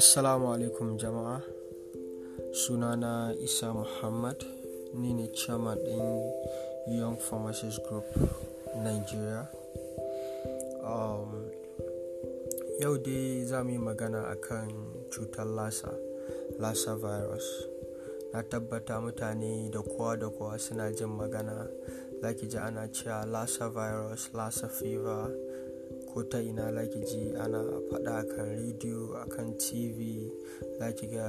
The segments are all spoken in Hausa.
Assalamu alaikum jama'a sunana Isa Muhammad ni ne chairman ɗin Young Pharmacist Group Nigeria. Um, yau dai za mu yi magana akan cutar lasa, lasa virus. Na tabbata mutane da kowa da kowa suna jin magana, za ji ana cewa lasa virus, lasa fever. ko ta ina za ji ana faɗa kan rediyo akan tv za ga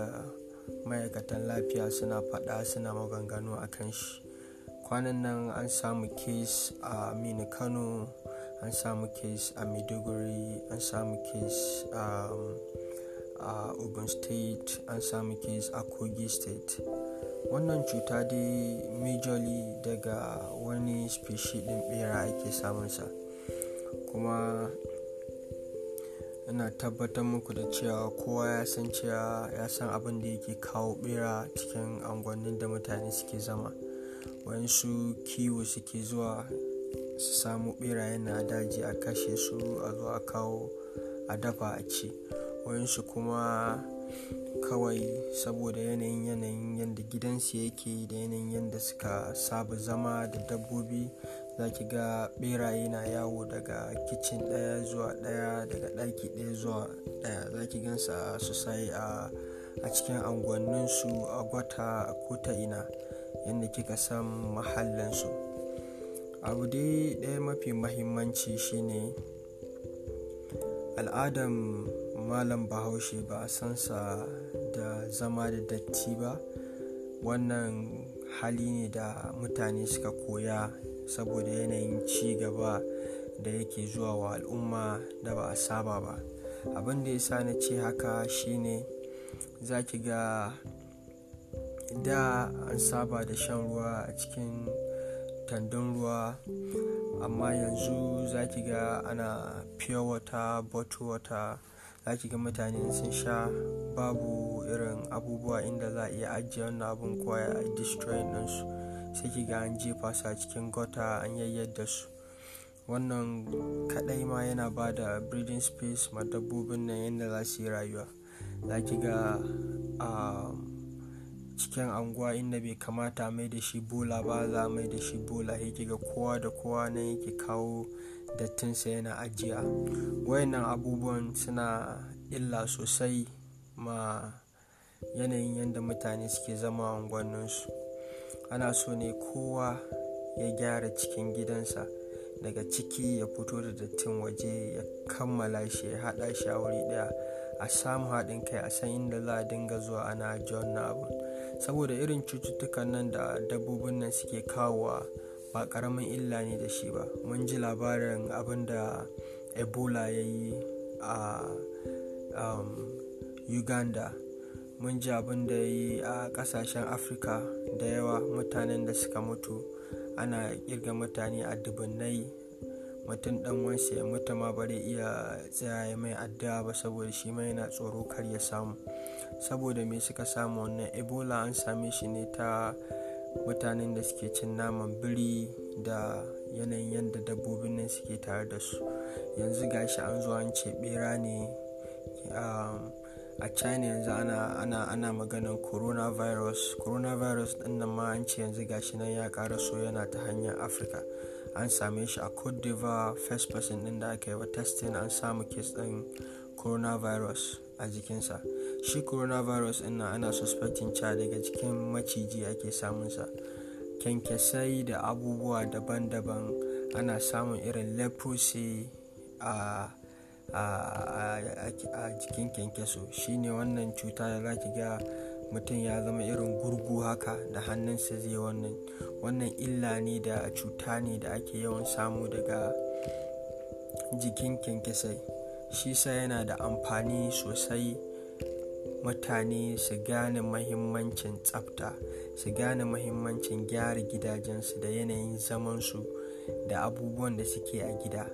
ma'aikatan lafiya suna faɗa suna maganganu akan shi kwanan nan an samu kes a mini kano an samu kes a maiduguri an samu kes um, a ogun state an samu kes a kogi state wannan cuta dai majorly daga wani species ɗin bera ake samunsa kuma ina tabbatar muku da cewa kowa ya san cewa ya san abin da yake kawo bera cikin angonin da mutane suke zama wayansu kiwo suke zuwa su samu bera yana daji a kashe su a zo a kawo a dafa a ci wayansu kuma kawai saboda yanayin yanayin yadda gidansu yake da yanayin yadda suka saba zama da dabbobi za ki ga beraye na yawo daga kicin ɗaya zuwa ɗaya daga ɗaki ɗaya zuwa ɗaya za ki gansa su sai a cikin anguwanninsu a gwata ko ta ina yadda kika san mahallansu abu dai ɗaya mafi mahimmanci shine al'adan malam bahaushe ba a sa da zama da datti ba wannan hali ne da mutane suka koya saboda yanayin ci gaba da yake zuwa wa al'umma da ba a saba ba abin da ya sa na ce haka shine za ki ga da an saba da shan ruwa a cikin tandun ruwa amma yanzu za ki ga ana pure water bottle water za ki ga mutane sun sha babu irin abubuwa inda za a iya ajiye wannan abin kwaya a destroy ɗinsu sai ki ga an jefa su a cikin gota an yayyada su wannan kadai ma yana ba da breeding space ma dabbobin nan yadda za su yi rayuwa za ki ga a um, cikin anguwa inda bai kamata mai da shi bola ba za mai da shi bola yake ga kowa da kowa na yake kawo dattinsa yana ajiya wayannan abubuwan suna illa sosai ma yanayin yadda mutane suke zama su. ana so ne kowa ya gyara cikin gidansa daga ciki ya fito da dattin waje ya kammala shi ya haɗa shi a wuri ɗaya a samu haɗin kai a san inda za a dinga zuwa ana john na abu saboda irin cututtukan nan da dabbobin nan suke kawowa ba karamin illa ne da shi ba mun ji labarin abin da ebola ya yi a um, uganda mun ji abin da yi a kasashen afirka da yawa mutanen da suka mutu ana kirga mutane a dubunnai mutum dan wansa ya mutu ma bari iya tsaya mai addu'a ba saboda shi mai yana tsoro kar ya samu saboda me suka samu wannan ebola an same shi ne ta mutanen da suke cin naman biri da yanayin yadda dabbobin nan suke tare da su yanzu gashi an zo an ce bera ne um, a china yanzu ana ana ana maganan coronavirus coronavirus din nan ma an ce yanzu gashi nan ya so yana ta hanyar afirka an same shi a cote d'ivoire first person din da aka yi wa testing an samu kes din coronavirus a jikinsa shi coronavirus din nan ana suspecting cha daga cikin maciji ake samunsa kyankyasai da abubuwa daban-daban ana samun irin leprosy a uh, a jikin kyankyaso ne wannan cuta da za ki ga mutum ya zama irin gurgu haka da hannunsa zai wannan wannan illa ne da cuta ne da ake yawan samu daga jikin kyankyasai shi sa yana da amfani sosai mutane su gane mahimmancin tsafta su gane mahimmancin gyara gidajensu da yanayin zamansu da abubuwan da suke a gida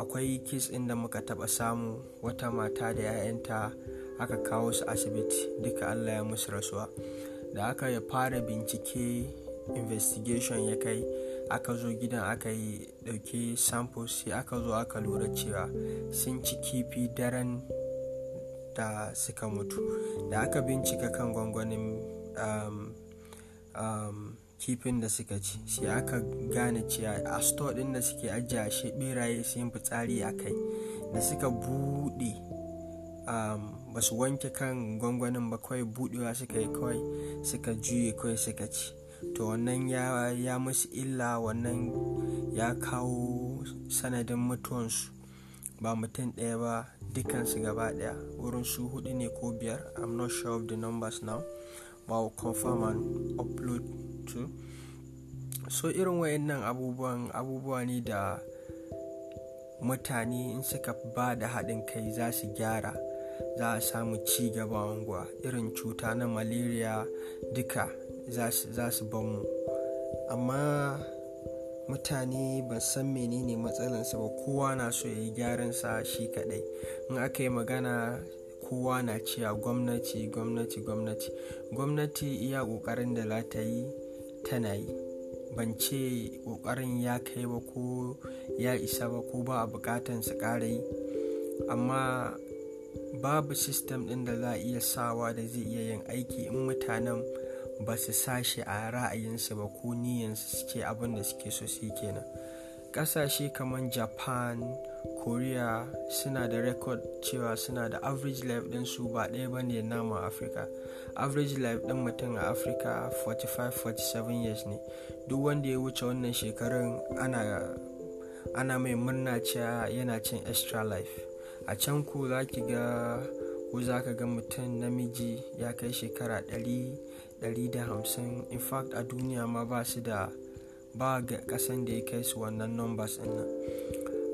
akwai kes ɗin da muka taɓa samu wata mata da 'ya'yanta aka kawo su asibiti duka allah ya musu rasuwa da aka ya fara bincike investigation ya kai aka zo gidan aka yi ɗauki samples sai aka zo aka lura cewa sun ci kifi daren da suka mutu da aka bincika kan gwangwanin um, um, kifin da suka ci sai aka gane cewa a store din da suke ajiye shi beraye sun fitsari a kai da suka buɗe um, ba su wanke kan gwangwanin ba kawai buɗewa suka yi kawai suka juye kawai suka ci to wannan ya, musu illa wannan ya kawo sanadin mutuwansu ba mutum ɗaya ba dukansu gaba ɗaya wurin su hudu ne ko biyar i'm not sure of the numbers now wow confirm and upload to so irin wayannan abubuwan abubuwa ne da mutane in suka ba da haɗin kai za su gyara za a samu ci gaba unguwa irin cuta na malaria duka za su ban mu amma mutane ba san menene matsalansa ba kowa na so ya yi gyaran sa shi kadai in aka yi magana kowa na cewa gwamnati gwamnati gwamnati gwamnati iya ƙoƙarin da za yi tana yi ban ce ƙoƙarin ya kai ba ko ya isa ba ko ba a bukatan su ƙara yi amma babu sistem ɗin da za a iya sawa da zai iya yin aiki in mutanen ba su sashi a ra'ayinsu ba ko niyansu suke abin da suke so su kenan ƙasashe kamar japan korea suna da record cewa suna da average life din su ba ɗaya ba ne namu afirka average life din mutum a afirka 45-47 years ne duk wanda ya wuce wannan shekarun ana mai murna cewa yana cin extra life a can ku za ki ga ko za ka ga mutum namiji ya kai shekara 100-150 in fact a duniya ma ba su da ba ga kasan da ya kai su wannan numbers din nan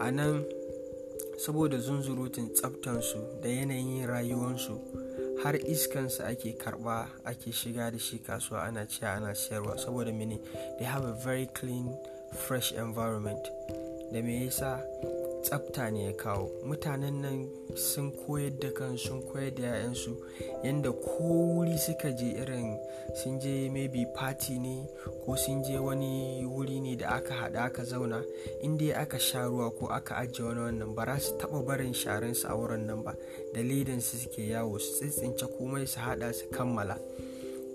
a nan saboda zunzurutun tsaftansu da yanayin rayuwansu har iskansu ake karba ake shiga da shi kasuwa ana ciya ana siyarwa saboda mini they have a very clean fresh environment da me yasa tsafta ne ya kawo mutanen nan sun koyar da kan sun koyar da 'ya'yansu yadda ko wuri suka je irin sun je maybe party ne ko sun je wani wuri ne da aka hada aka zauna inda aka sha ruwa ko aka ajiye wani wannan ba za su taba barin sharansu a wurin nan ba dalilin su suke yawo su tsitsince komai su haɗa su kammala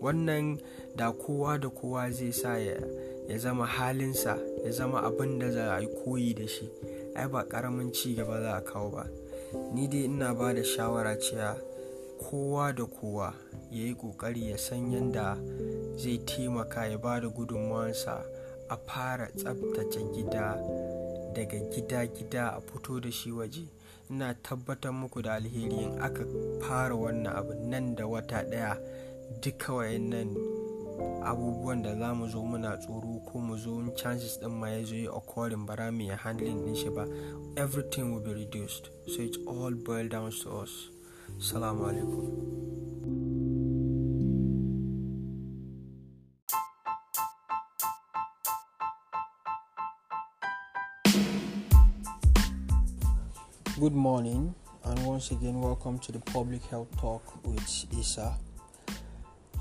wannan da kowa da kowa zai sa ya zama halinsa ya zama abin da za a yi koyi da shi ai ba ƙaramin ci gaba za a kawo ba ni dai ina ba da shawara cewa kowa da kowa ya yi ƙoƙari ya san yadda zai taimaka ya ba da gudunmawansa a fara tsabtace gida daga gida-gida a fito da shi waje ina tabbatar muku da alheri in aka fara wannan abu nan da wata ɗaya duka wayannan abubuwan da za mu zo muna tsoro ko mu zo chances din ma ya zo yi occurring bara mu ya handling din shi ba everything will be reduced so it's all boiled down to us salamu alaikum Good morning, and once again, welcome to the Public Health Talk with Isa.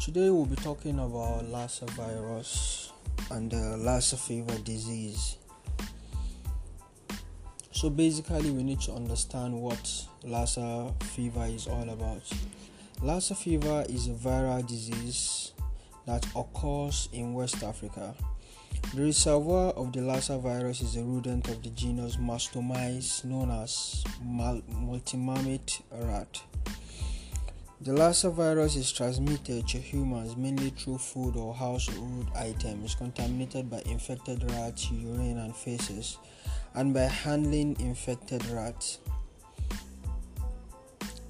Today we'll be talking about Lassa virus and the Lassa fever disease. So basically, we need to understand what Lassa fever is all about. Lassa fever is a viral disease that occurs in West Africa. The reservoir of the Lassa virus is a rodent of the genus Mastomys known as multimammate rat. The Lassa virus is transmitted to humans mainly through food or household items contaminated by infected rats, urine, and feces, and by handling infected rats.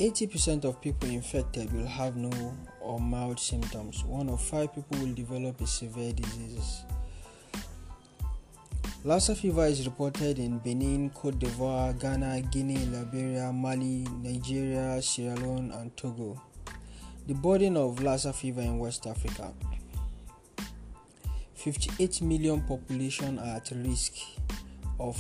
80% of people infected will have no or mild symptoms. One of five people will develop a severe disease. Lassa fever is reported in Benin, Cote d'Ivoire, Ghana, Guinea, Liberia, Mali, Nigeria, Sierra Leone, and Togo. The burden of Lassa fever in West Africa. 58 million population are at risk of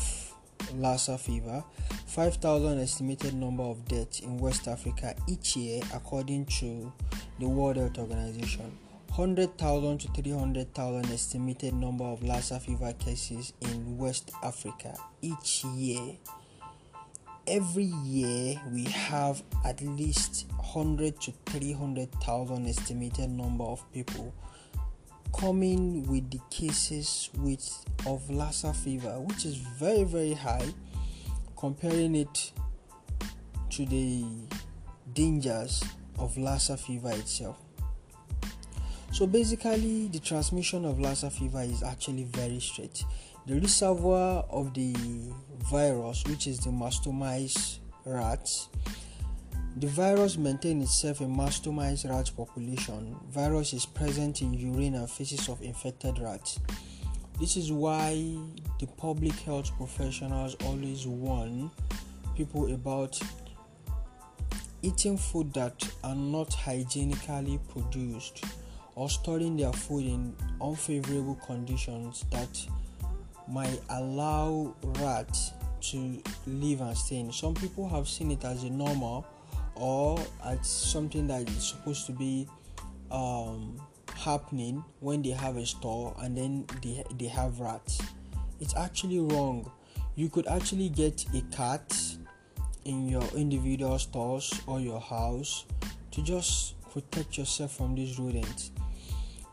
Lassa fever. 5,000 estimated number of deaths in West Africa each year according to the World Health Organization. 100,000 to 300,000 estimated number of Lassa fever cases in West Africa each year. Every year we have at least 100 to 300,000 estimated number of people coming with the cases with of Lassa fever, which is very very high, comparing it to the dangers of Lassa fever itself. So basically, the transmission of Lassa fever is actually very straight. The reservoir of the virus, which is the mastomized rats, the virus maintains itself in mastomized rat population. Virus is present in urine and feces of infected rats. This is why the public health professionals always warn people about eating food that are not hygienically produced or storing their food in unfavorable conditions that might allow rats to live and stay in. Some people have seen it as a normal or as something that is supposed to be um, happening when they have a store and then they, they have rats. It's actually wrong. You could actually get a cat in your individual stores or your house to just protect yourself from these rodents.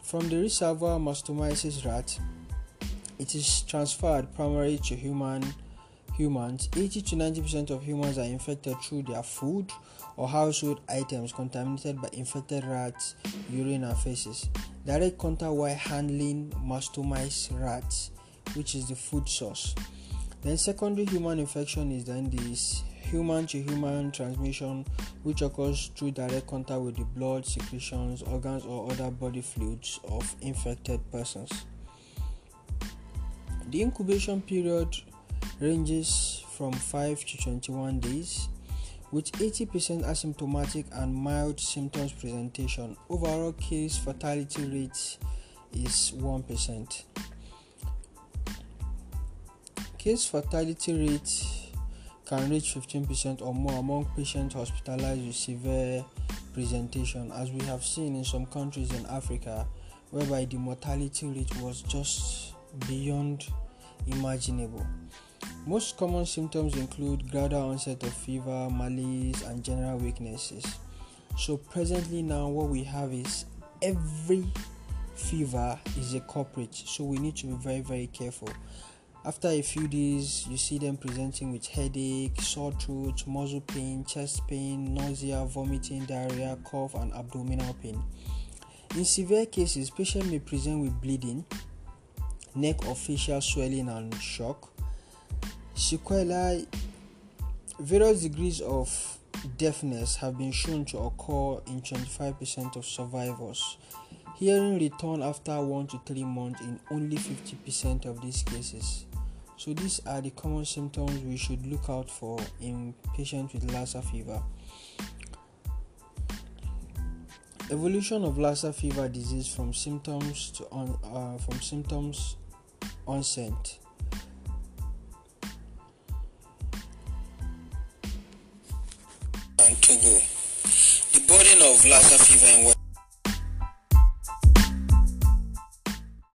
From the reservoir mastomyces rat, it is transferred primarily to human humans. 80 to 90% of humans are infected through their food or household items contaminated by infected rats, urine, and feces. Direct contact while handling mastomyces rats, which is the food source. Then secondary human infection is then this human to human transmission, which occurs through direct contact with the blood, secretions, organs, or other body fluids of infected persons. The incubation period ranges from 5 to 21 days, with 80% asymptomatic and mild symptoms presentation. Overall case fatality rate is 1%. Case fatality rate can reach 15% or more among patients hospitalized with severe presentation, as we have seen in some countries in Africa, whereby the mortality rate was just beyond imaginable. Most common symptoms include gradual onset of fever, malaise, and general weaknesses. So, presently, now what we have is every fever is a culprit, so we need to be very, very careful. After a few days, you see them presenting with headache, sore throat, muscle pain, chest pain, nausea, vomiting, diarrhea, cough, and abdominal pain. In severe cases, patients may present with bleeding, neck or facial swelling, and shock. Sequelae, various degrees of deafness have been shown to occur in 25% of survivors. Hearing return after 1 to 3 months in only 50% of these cases. So these are the common symptoms we should look out for in patients with Lassa fever. Evolution of Lassa fever disease from symptoms to on, uh, from symptoms onset. The burden of Lassa fever in